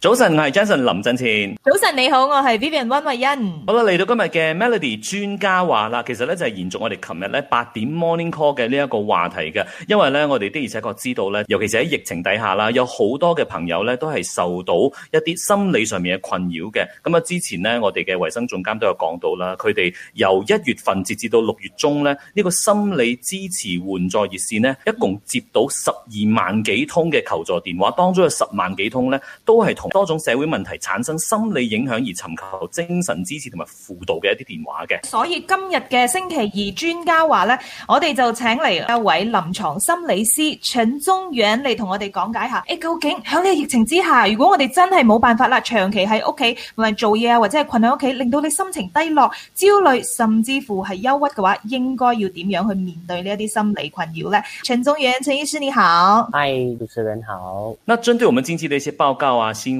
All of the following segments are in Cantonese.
早晨，我係 Jason 林振前。早晨你好，我係 Vivian 溫慧欣。好啦，嚟到今日嘅 Melody 專家話啦，其實咧就係延續我哋琴日咧八點 Morning Call 嘅呢一個話題嘅，因為咧我哋的而且確知道咧，尤其是喺疫情底下啦，有好多嘅朋友咧都係受到一啲心理上面嘅困擾嘅。咁啊，之前咧我哋嘅衛生總監都有講到啦，佢哋由一月份截至到六月中咧，呢個心理支持援助熱線咧，一共接到十二萬幾通嘅求助電話，當中有十萬幾通咧都係同。多種社會問題產生心理影響而尋求精神支持同埋輔導嘅一啲電話嘅，所以今日嘅星期二專家話咧，我哋就請嚟一位臨床心理師陳宗遠嚟同我哋講解下，誒究竟喺呢個疫情之下，如果我哋真係冇辦法啦，長期喺屋企同埋做嘢啊，或者係困喺屋企，令到你心情低落、焦慮，甚至乎係憂鬱嘅話，應該要點樣去面對呢一啲心理困擾咧？陳宗遠，陳醫師你好，嗨，主持人好。那針對我們經濟的一些報告啊，新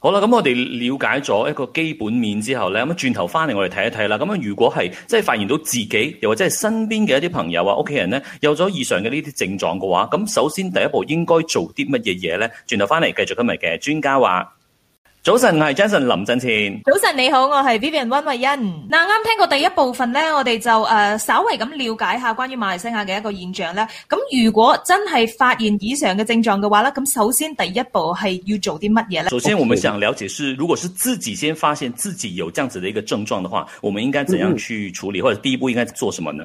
好啦，咁我哋了解咗一個基本面之後呢，咁轉頭返嚟我哋睇一睇啦。咁如果係即係發現到自己，又或者係身邊嘅一啲朋友啊、屋企人呢，有咗以上嘅呢啲症狀嘅話，咁首先第一步應該做啲乜嘢嘢呢？轉頭返嚟繼續今日嘅專家話。早晨，我係 Jason 林振清。早晨你好，我係 Vivian 溫慧欣。嗱，啱聽過第一部分呢，我哋就誒、呃，稍微咁了解下關於馬來西亞嘅一個現象咧。咁如果真係發現以上嘅症狀嘅話咧，咁首先第一步係要做啲乜嘢咧？首先，我們想了解是，如果是自己先發現自己有這樣子的一個症狀嘅話，我們應該怎樣去處理，嗯、或者第一步應該做什麼呢？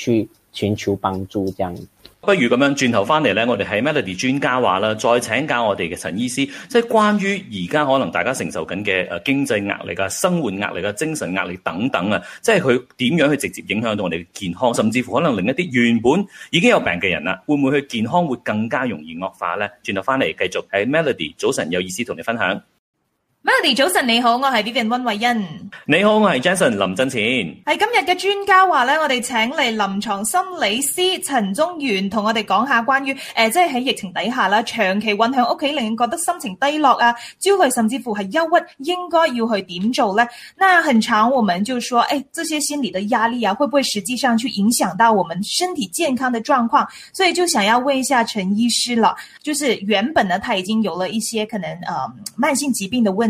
去尋求幫助，不如咁樣轉頭翻嚟咧。我哋喺 Melody 專家話啦，再請教我哋嘅陳醫師，即係關於而家可能大家承受緊嘅誒經濟壓力啊、生活壓力啊、精神壓力等等啊，即係佢點樣去直接影響到我哋嘅健康，甚至乎可能另一啲原本已經有病嘅人啦，會唔會佢健康會更加容易惡化咧？轉頭翻嚟繼續喺 Melody 早晨有意思同你分享。Melody，早晨你好，我係 Vivian 溫慧欣。你好，我係 Jason 林振前。係今日嘅專家話咧，我哋請嚟臨牀心理師陳宗源同我哋講下關於誒，即係喺疫情底下啦，長期韞響屋企令人覺得心情低落啊、焦慮甚至乎係憂鬱，應該要去點做咧？那很常，我們就說，誒、欸，這些心理的壓力啊，會不會實際上去影響到我們身體健康的狀況？所以就想要問一下陳醫師啦，就是原本呢，他已經有了一些可能，誒、嗯，慢性疾病的問題。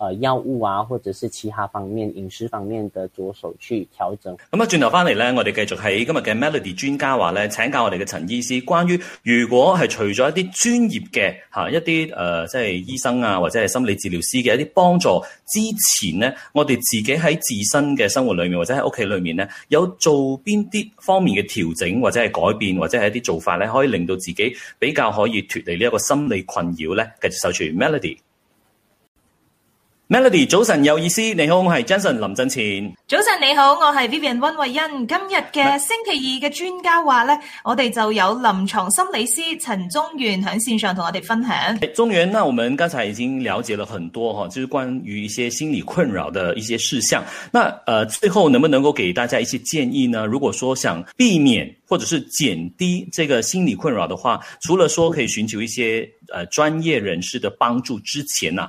呃，藥物啊，或者是其他方面、飲食方面的着手去調整。咁啊，轉頭翻嚟呢，我哋繼續喺今日嘅 Melody 專家話呢，請教我哋嘅陳醫師，關於如果係除咗一啲專業嘅吓、啊、一啲誒、呃，即係醫生啊，或者係心理治療師嘅一啲幫助之前呢，我哋自己喺自身嘅生活裏面，或者喺屋企裏面呢，有做邊啲方面嘅調整，或者係改變，或者係一啲做法呢，可以令到自己比較可以脫離呢一個心理困擾呢，繼續受住 Melody。Melody，早晨有意思，你好，我係 Jason 林振前。早晨你好，我係 Vivian 溫慧欣。今日嘅星期二嘅專家話呢，我哋就有臨床心理師陳中原喺線上同我哋分享。中原，那我們剛才已經了解了很多哈，就是關於一些心理困擾的一些事項。那，呃，最後能不能夠給大家一些建議呢？如果說想避免或者是減低這個心理困擾的話，除了說可以尋求一些，呃，專業人士的幫助之前啊。